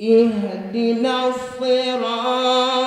اهدنا الصراط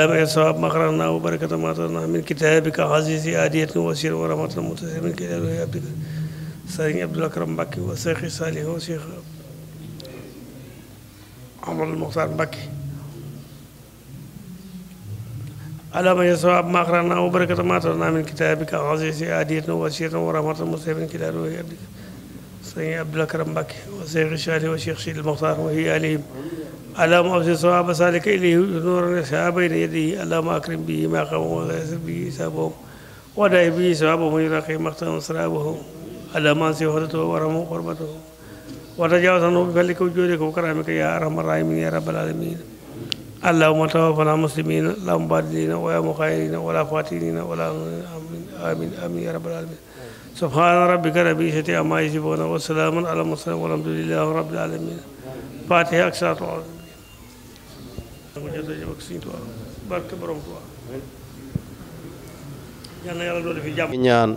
لا بك الثواب ما قرأناه وبركة ما ترناه من كتابك عزيز آدية وسير ورحمة متسر من كتاب عبدك سرين عبد الأكرم مكي وشيخ صالح وشيخ عمر المختار مكي على ما يصواب ما قرأناه وبركة ما ترناه من كتابك عزيز آدية وسير ورحمة متسر من كتاب عبدك sëñ Abdou Karim Mbacke wa Cheikh Chadi wa Cheikh Sidil Mokhtar wa hiya alayhim allahumma absi sawaba salika ilayhi nuran shabayna yadihi allahumma akrim bihi ma qawma wa yasir bihi sabahum wa da'i bihi sabahum yuraqi maqtan sarabahum allahumma ansi hodatuhu warhamu qurbatuhu wa tajawaz anhu bi fadlika wa judika wa karamika ya arhamar rahimin ya rabbal alamin اللهم توفنا مسلمين لا مبادلين ولا مخيرين ولا فاتنين ولا آمين آمين آمين يا رب العالمين subhaana rabbika rabbil izzati ammaa yasifuun wa salaamun alal mursaliin walhamdulillaahi rabbil aalamiin faatiha ak saatu barke borom Tuubaa yal na yàlla doon fi jàmm ñaan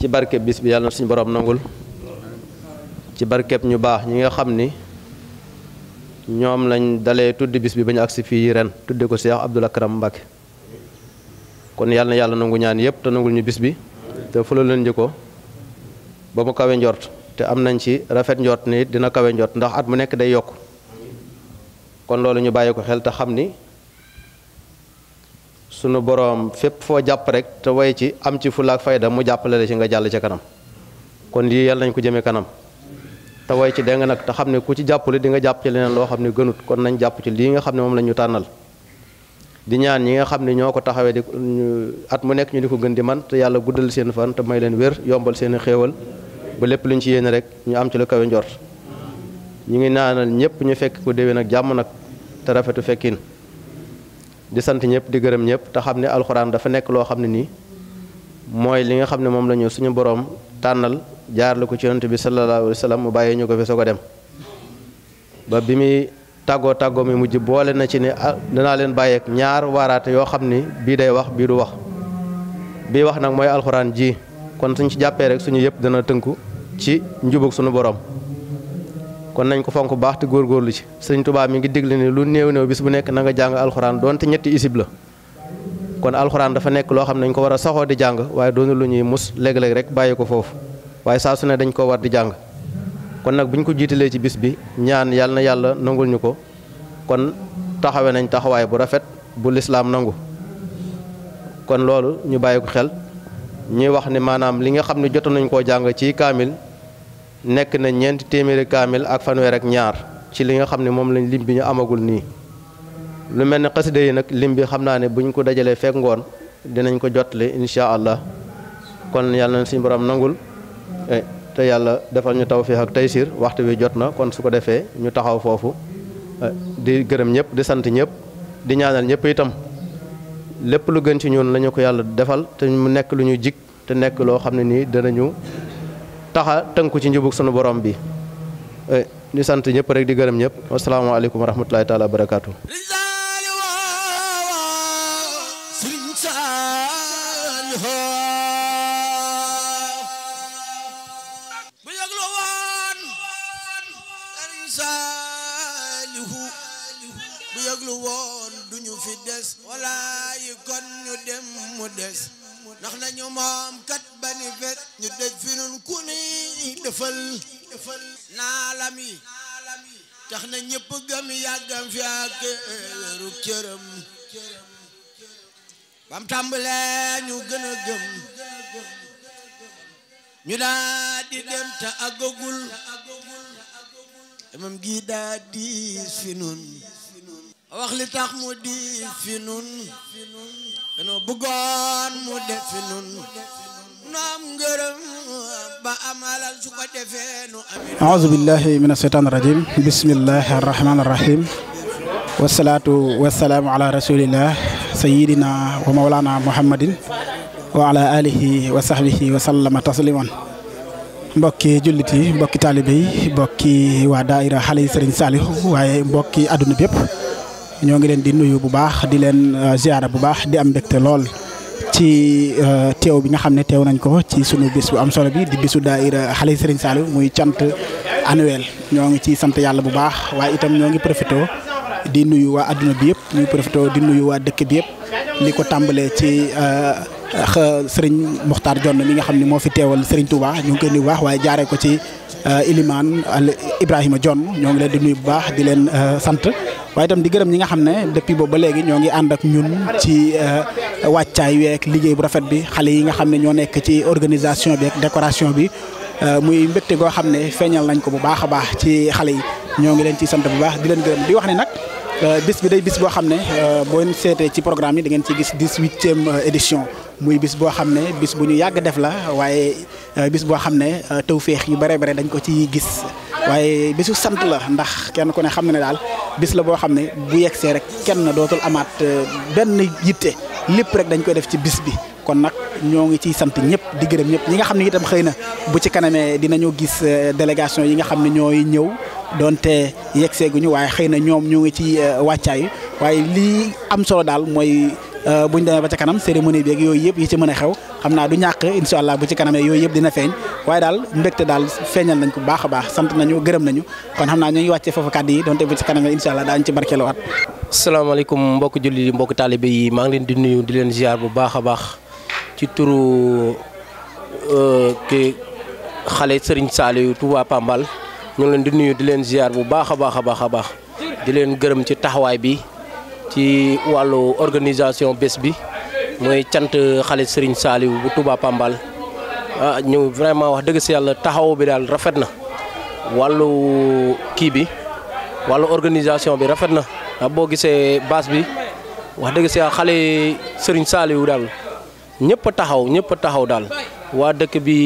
ci barkeb bis bi yàlla na suñu borom nangul ci barkeb ñu baax ñi nga xam ni ñoom lañ dalee tuddi bis bi ba ñu agsi fii ren tuddee ko Cheikh Abdoul Akram Mbacké kon yàlla yàlla nangu ñaan yépp te nangul ñu bis bi te fu la leen njëkkoo ba mu kawe njort te am nañ ci rafet njort ni dina kawe njort ndax at mu nekk day yokk kon loolu ñu bàyyi ko xel te xam ni sunu boroom fépp foo jàpp rek te way ci am ci fulaak fayda mu jàppale la ci nga jàll ca kanam kon lii yàlla nañ ko jëmee kanam te way ci dégg nga nag te xam ne ku ci jàppale di nga jàpp ci leneen loo xam ne gënut kon nañ jàpp ci lii nga xam ne moom la ñu tànnal di ñaan ñi nga xam ne ñoo ko taxawee di at mu nekk ñu di ko gën di man te yàlla guddal seen fan te may leen wér yombal seen i ba lépp luñ ci yéene rek ñu am ci lu kawe njort ñu ngi naanal ñëpp ñu fekk ko déwén ak jàmm nag te rafetu fekkin di sant ñëpp di gërëm te xam ne alxuraan dafa nekk loo xam ne nii mooy li nga xam ne moom la ñu suñu boroom tànnal jaar ko ci yonent bi sallallahu alayhi mu bàyyi ñu ko fi soo ko dem ba bi muy tàggoo tàggoo mi mujj boole na ci ne ah, danaa leen bàyyeek ñaar waaraate yoo xam ni bii day wax bii du wax bii wax nag mooy alxuraan ji kon suñ ci jàppee rek suñu yëpp dana tënku ci njubug suñu borom kon nañ ko fonk baax te góor góorlu ci sëñ Tuubaa mi ngi digle ni lu néew néew bis bu nekk na nga jàng alxuraan doonte ñetti isib la kon alxuraan dafa nekk loo xam ne dañ ko war a saxoo di jàng waaye doonu lu ñuy mus léeg-léeg rek bàyyi ko foofu waaye saa kon nag bu ñu ko jiitalee ci bis bi ñaan yàlla na yàlla nangul ñu ko kon taxawe nañ taxawaay bu rafet bu lislaam nangu kon loolu ñu bàyyi ko xel ñuy wax ne maanaam li nga xam ne jotoon nañ koo jàng ci kaamil nekk na ñeenti téeméeri kaamil ak fanwe ak ñaar ci li nga xam ne moom lañ lim bi ñu amagul nii lu mel ne xasida yi nag lim bi xam naa ne bu ñu ko dajalee fekk ngoon dinañ ko jottali incha allah kon yàlla na suñu borom nangul te yàlla defal ñu taw tawfiix ak taysir waxtu wi jot na kon su ko defee ñu taxaw foofu eh, di gërëm ñëpp di sant ñëpp di ñaanal ñëpp itam lépp lu gën ci ñun lañu ko yàlla defal te mu nekk lu ñu jig te nekk loo xam ne nii danañu taxa tënku ci njubug sunu borom bi eh, di sant ñëpp rek di gërëm ñëpp wasalaamaaleykum wa rahmatulahi taala barakaatu. des walla yi kon ñu dem mu des ndax nañu moom kat bani fet ñu dëj fi nun ku ni defal defal naalam na ñëpp gëm yàggam fi ak weeru cëram bam tàmbalee ñu gën a gëm ñu daa di dem te àggagul demam gi daa diis fi nun wax li tax mu di fi nun danoo bëggoon mu def fi nun nu am ngërëm ba amalal su ko defee nu amin aouzu billahi min asheytaan irajim bismillahi arrahman irrahim wasalaatu wasalaamu ala rasulillah sayidina wa maulana muhammadin wa ala alihi wa sahbihi wa sallama tasliman mbokki jullit yi mbokki taalibe yi mbokki waa daaira xale yi sëriñ Saalihu waaye mbokki adduna bépp ñoo ngi leen di nuyu bu baax di leen euh, ziara bu baax di am mbégte lool ci euh, teew bi nga xam ne teew nañ ko ci sunu bis bu am solo bi di bisu daayira xale Serigne Saliou muy cant annuel ñoo ngi ci sant yàlla bu baax waaye itam ñoo ngi profité di nuyu waa adduna bi yëpp ñuy profité di nuyu waa dëkk bi yëpp li ko tàmbalee ci euh, ak euh, Serigne Mokhtar Jonn mi nga xam ni moo fi teewal Serigne Touba ñu ngi koy nuyu bu baax waaye jaaree ko ci euh, Ilimane Ibrahima Jonn ñoo ngi leen di nuyu bu baax di leen euh, sant waaye tam di gërëm ñi nga xam ne depuis boobu ba léegi ñoo ngi ànd ak ñun ci wàccaay week liggéey bu rafet bi xale yi nga xam ne ñoo nekk ci organisation bi ak décoration bi muy mbégte goo xam ne feeñal nañ ko bu baax a baax ci xale yi ñoo ngi leen ci sant bu baax di leen gërëm di wax ne nag. bis bi day bis boo xam ne boo seetee ci programme yi da ci gis dix-huitième édition muy bis boo xam ne bis bu ñu yàgg def la waaye euh, bis boo xam ne euh, tawféex yu bare bare dañ ko ci gis waaye bisu sant la ndax kenn ku ne xam ne daal bis la boo xam ne bu yegsee rek kenn dootul amaat euh, benn yitte lépp rek dañ koy def ci bis bi kon nag ñoo ngi ciy sant ñëpp di gërëm ñi nga xam ne itam xëy na bu ci kanamee dinañu gis délégation yi nga xam ne ñooy ñëw doonte yegseeguñu waaye xëy na ñoom ñoo ngi ci wàccaay waaye lii am solo daal mooy Euh, buñ demee ba ca kanam cérémonie bi ak yooyu yëpp yi ci mën a xew xam naa du ñàkk incha allah bu ci kanamee yooyu yëpp dina feeñ waaye daal mbégte daal feeñal nañ ko baax a baax sant nañu gërëm nañu kon xam naa ñu ngi wàccee foofu kàddu yi donte bu ci kanamee incha allah daañu ci barkeelu waat salaamaaleykum mbokk julli yi mbokk taalibe yi maa ngi leen di nuyu di leen ziar bu baax a baax ci turu euh, ki xale Serigne Saliou Touba Pambal ñu leen di nuyu di leen ziar bu baax a baax a baax a baax di leen gërëm ci taxawaay bi ci wàllu organisation bés bi mooy cant xale Serigne Saliou bu Touba Pambal ah, ñu vraiment wax dëgg si yàlla taxaw bi daal rafet na wàllu kii bi wàllu organisation bi rafet na ndax ah, boo gisee base bi wax dëgg si yàlla xale sëriñ Saliou daal ñëpp a taxaw ñëpp taxaw daal waa dëkk bi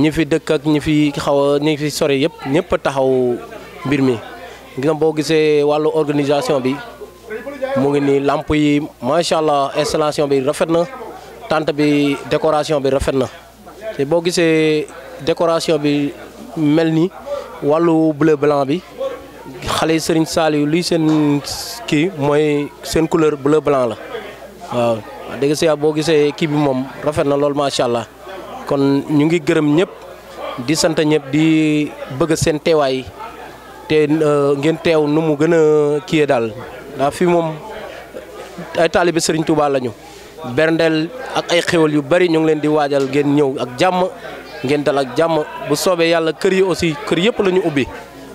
ñi fi dëkk ak ñi fi xaw a ñi fi sore yëpp ñëpp taxaw mbir mi nga boo gisee wàllu organisation bi. moo ngi nii làmp yi macha allah installation bi rafet na tant bi décoration bi rafet na te boo gisee décoration bi mel ni wàllu bleu blanc bi xale yi Serigne Saliou luy seen kii mooy seen couleur bleu blanc la waaw dégg si boo gisee kii bi moom rafet na loolu macha allah kon ñu ngi gërëm ñëpp di sant ñëpp di bëgg seen teewaay te euh, ngeen teew nu mu gën a kii daal. ndax fii moom ay taalibe Serigne Touba lañu berndeel ak ay xéwal yu bari ñoo ngi leen di waajal ngeen ñëw ak jàmm ngeen dal ak jàmm bu soobee yàlla kër yi aussi kër yëpp la ñu ubbi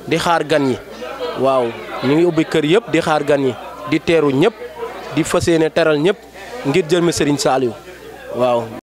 di xaar gan yi waaw ñu ngi ubbi kër yëpp di xaar gan yi di teeru ñëpp di fas yéene teral ñëpp ngir jërmi sëriñ Saliou waaw.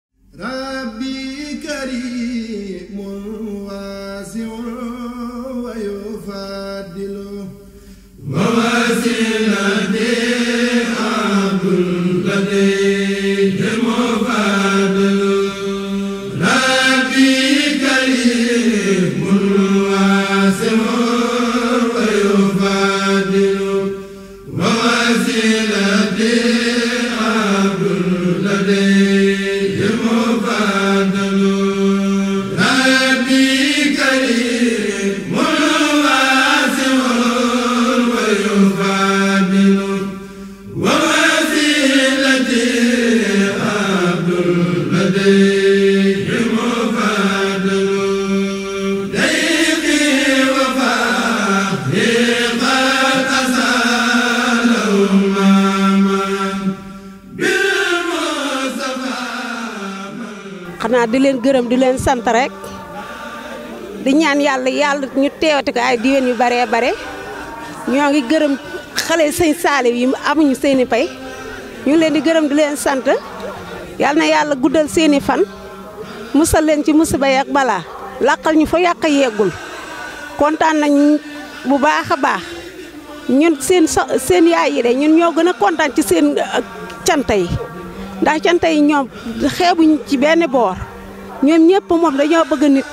gërëm di leen sant rekk di ñaan yàlla yàlla ñu teewati ko ay diwén yu baree bare ñoo ngi gërëm xale sëñ Saaliw yi amuñu seeni pay ñu ngi leen di gërëm di leen sant yàlla na yàlla guddal seeni fan musal leen ci musiba yi ak balaa làqal ñu fa yàq yeegul kontaan nañ bu baax a baax ñun seen seen yaay yi de ñun ñoo gën a kontaan ci seen cant yi ndax cant yi ñoom xeebuñ ci benn boor ñoom ñëpp moom dañoo bëgg nit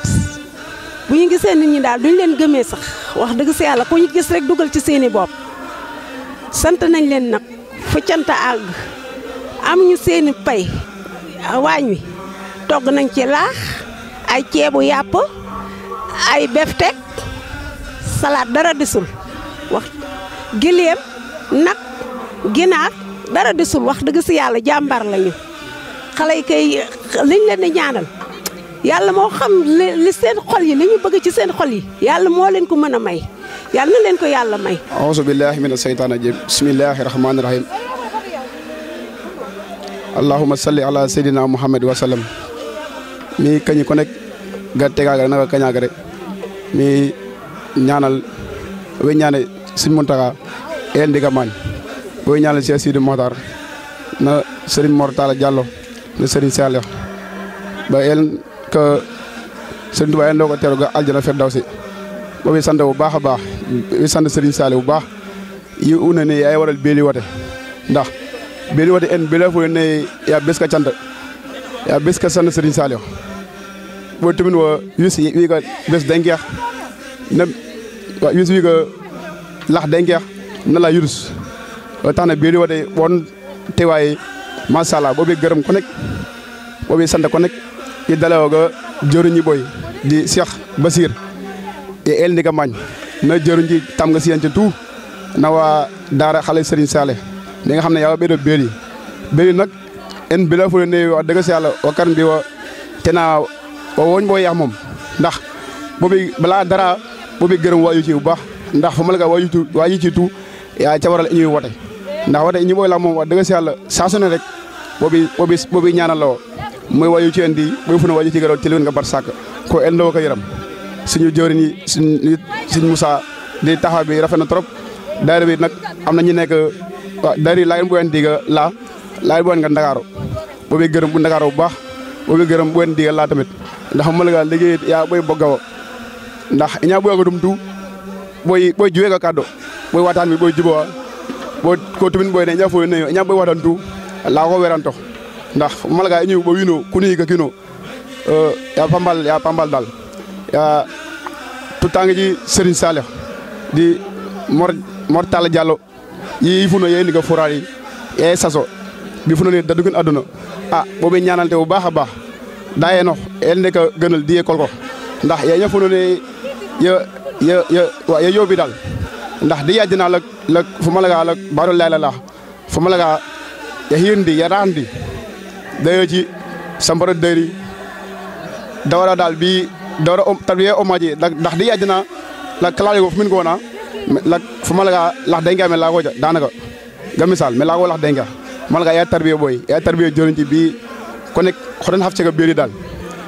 bu ñu gisee nit ñi daal duñ leen gëmee sax wax dëgg si yàlla ku ñu gis rek dugal ci seeni bopp sant nañ leen nag fu cant àgg am ñu seeni pay waañ wi togg nañ ci laax ay ceebu yàpp ay beftek salaat dara desul wax gileem nag ginaar dara desul wax dëgg si yàlla jàmbar lañu xale yi kay liñ leen di ñaanal yàlla moo xam li seen xol yi li ñu bëgg ci seen xol yi yàlla moo leen ko mën a may yàlla na leen ko yàlla may aousu billahi min asheytaan rajim bismillahi rahmaani rahim allahuma salli ala seydina muhammad wa sallam mi kañi ko nekk ga tegaagare naga kañaagare mi ñaanal we ñaane sin muntaxa el ndiga maañ boy ñaanal si Sidi Moxtar na sëriñ Mor Talla na sëriñ Saliou ba el que sëriñ Tuubaa yéen loo ko teeru ga aljana boobu sant bu baax a baax bi sant sëriñ Saaliw bu baax yi una ne yaay waral beeli wate ndax beeli wate en bela fo ne ya beska cant ya beska sant sëriñ Saaliw bo timin wo yus wi ga bes dengeex na yus wi ga lax dengeex na la yurus o tax na beeli wate won tewaay masala boobu gërëm ko boobu sant ko i dalawoga joruñi ɓoy di cheikh basir e el ndiga mañ na joruñi tamga siyanca tout nawa daara xale serigne sale ɗi nga xam ne yawa ɓeeɗo beeli beeli nak en bila fule ne wax dëgg si yàlla wa kar mbi wa tena o woñ bo yax moom ndax bobi bala dara bobi gërëm waaju ci bu baax ndax fo malaga waaju waaju ci tout yaa ca waral ñuy wote ndax wote ñi boy la moom waa dëgg si yàlla rek su ne rek la bobi mooy moy ci cendi moy funa wayu cigaro ci nga barsaka ko elno ko yaram suñu jëwriñ yi suñu suñu Moussa di taxaw bi rafet na trop daayira bi nag am na ñu nekk daayira laay bu wen diga la laay bu wen nga Ndakaaru boobu gërëm bu Ndakaaru bu baax boobu gërëm bu wen diga tamit ndax malaga liggéey yaa boy boggawo ndax ñaa boy ko dum tu boy boy juwe ka kaddo boy wataan bi boy jubowa boy ko tumin boy ne ñaa foy ne ñaa boy wataan tu la ko weranto ndax malaga e ñiw ɓo wiin o kuni yiga kiin o euh, ya pambal ya pambal dal ya tutangeji serigne saleh di mor mor tala diallo yeyi funo yeyi ndiga forari yeyi saso mbi funone dadugin aduna a ah, ɓoɓe ñanante o baax a baax da yenox el ndeka gënal di ye kolkox ndax yeña funone ye ye ye yoobi dal ndax di yadina lak lak fo malaga lak baaro layla la fo malaga ya hirndi ya raxndi dayoo ci sambara dawara daal bi dawara tarbiya omaji ndax di yadina la kalaale go fumin gona la fumalaga lah denga me lago ja ga misal me lago lah denga malaga ya tarbiya boy ya tarbiya jorinti bi konek xodan hafce ga beri dal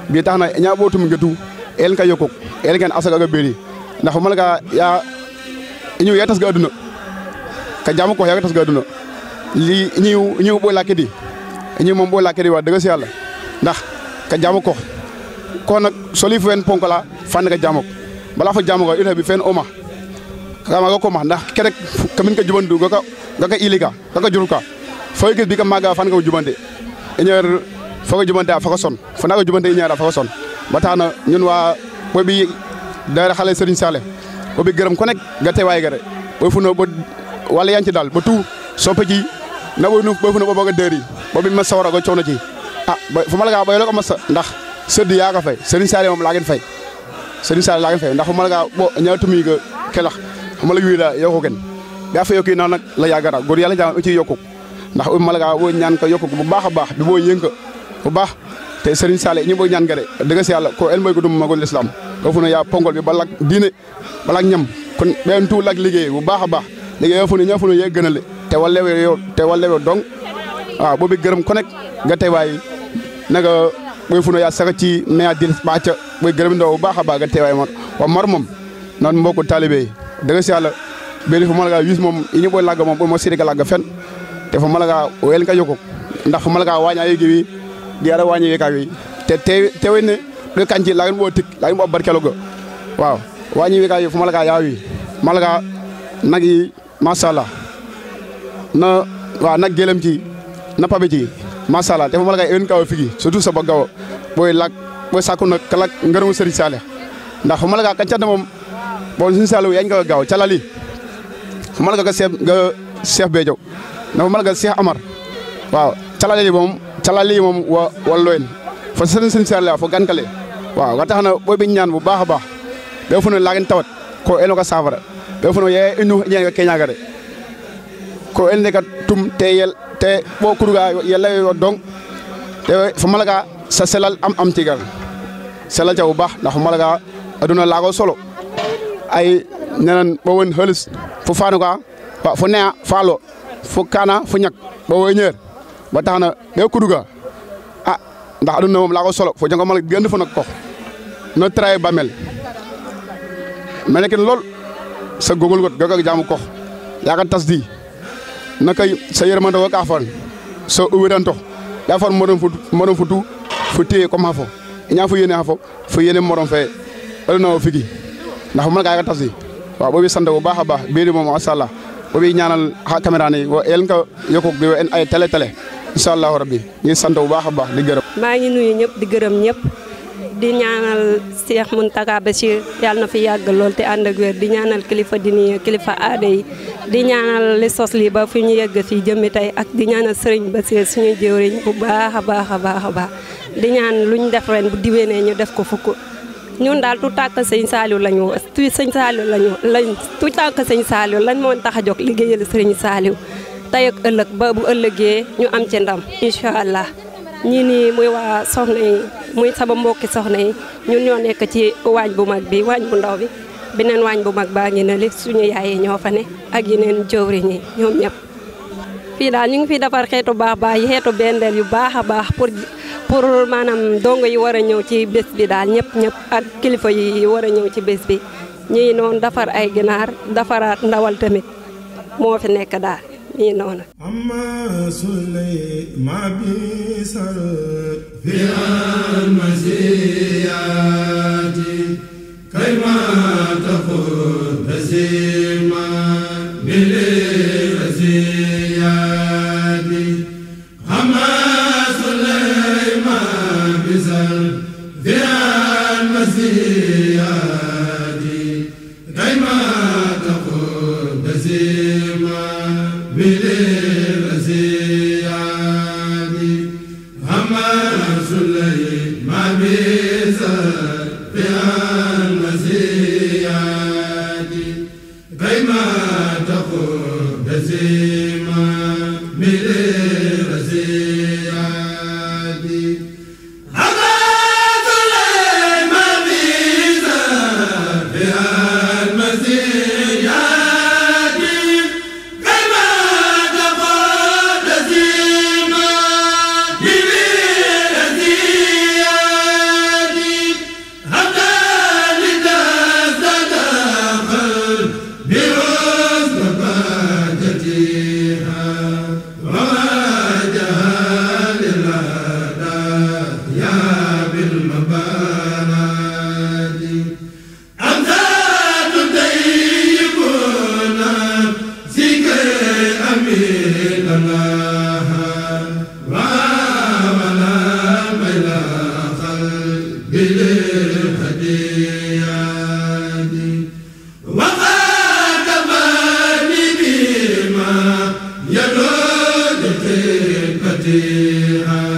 bi taxna nya botum ngetu el ka yokok el kan asaga ga beri ndax fumalaga ya ñu ya tas ga aduna ka jamu ko ya tas ga aduna li ñu ñu bo lakidi ñi moom boo lakkee di wax dëgg si ndax ka jaamo ko ko nag soli fen ponkola fanne ka jaamok bala fo jaamo ko bi fen oma kama ga ko ma ndax kerek kamin ka jubandu ga ka ga ka ilika ga ka juruka fo ke bi ka maga fan ka jubande ñer fo ka jubande fa ka son fo na ka jubande ñara fa ka son ñun waa bo bi daara xale Serigne Sallé bo gërëm ko nekk ga teewaay ga re bo fu no bo wala yanci dal ba tu ji na ɓoy nu ɓoy ah, fu no ɓoɓoga deeri ɓoɓi massa warago ci a fo malaga ɓoyologo massa ndax seddi yaga fay serigne sali mom lagen fay serigne sali lagen fay ndax fo malaga ɓo ñawtumiga kelax fo malaga wiila yokogen ga fa yoki noon nak la yagara goor yalla jaman uci yokkuk ndax o malaga ɓo ñan ka yokkuk bu baax a baax bi ɓo yenka bu baax te serigne sali ñi ɓo ñan gare dega si yalla ko el moy ko dum magol l'islam ko fu no ya pongol bi balak diine bu baax a baax liggéey fo no te la yow teewal la yow dong ah, gërëm ko nekk nga teewaay naga ɓoy funo ya saga ci maya din gërëm ndo bu baax a baax nga teewaay moom wa mar moom noon mbokku taalibe dëgg si yàlla beli fo malaga yus moom ini ɓoy lagga moom ɓoy mo siriga lagga fen te fo malaga o ka yoko ndax fo malaga waña yegi wi di ara waña yeka te tewe ne ɗo kanci lagin ɓo tik lagin ɓo waaw wañi weka fo malaga yawi malaga nagi masala na waaw na gelam ci na pabe ci macha allah te fa malaga en kaw figi surtout sa bagaw boy lak boy sakku nak kalak ngerum seri saleh ndax fa malaga kanca mom bon sun salu yañ ka gaw calali fa malaga ka chef ga chef bejo na fa malaga cheikh amar waaw calali mom calali mom wa walloen fa sen sen fa gankale waaw wata xana boy bi ñaan bu baaxa baax be fu no lagen tawat ko eno ka safara be fu no ye enu ka keñaga ko elndeka tum te yel te ɓo kurga yelayo dong te fo malaga sa selal am am tigal selal ca bu baax ndax fo malaga aduna laago solo ay nenan ɓo won hëlis fo fanuga fo neya faalo fo kana fo ñak ɓo wo ba tax na ɓe kuduga a ah, ndax aduna moom laago solo fo jango malaga gënd fo nak kox no traye bamel mene lool sa gogol got gaga jaamu kox yaga tas di naka sa yermande wo ka fon so o weranto ya fon moron futu moron futu futi comme hafo nya fu yene hafo fu yene moron fe wala no figi ndax mo ga ga tasi waaw boobu sant bu baax a baax biir moom macha allah boobu ñaanal xa yi wa yéen ko yokku bi en ay télé télé incha allahu rabbi ñuy sant bu baax a baax di gërëm. maa ngi nuyu ñëpp di gërëm ñëpp. di ñaanal Cheikh Mountakha Bachir yàlla na fi yàgg lool te ànd ak wér di ñaanal kilifa dini kilifa aada yi di ñaanal li sos li ba fi ñu yegg si jëmmi tey ak di ñaanal Serigne Bachir suñu jëwriñ bu baax a baax a baax a baax di ñaan lu ñu def ren bu diwénee ñu def ko fukk ñun daal tu tànk sëñ Saliou lañu tu sëñ Saliou lañu lañ tout tànk sëñ Saliou lañ moo tax a jóg liggéeyal Serigne Saliou tey ak ëllëg ba bu ëllëgee ñu am ci ndam incha allah. ñii nii muy waa soxna yi muy sama mbokki soxna yi ñun ñoo nekk ci waañ bu mag bi waañ bu ndaw bi beneen waañ bu mag baa ngi ne li suñu yaay yi ñoo fa ne ak yeneen jëwriñ yi ñoom ñëpp. fii daal ñu ngi fiy defar xeetu baax baax yi xeetu bendeel yu baax a baax pour pour maanaam dongo yi war a ñëw ci bés bi daal ñëpp ñëpp ak kilifa yi war a ñëw ci bés bi ñii noon defar ay ginaar defaraat ndawal tamit moo fi nekk daal. mi noona amma sulay ma bi sar fi almasiyati kay ma taxul bi الفاتحة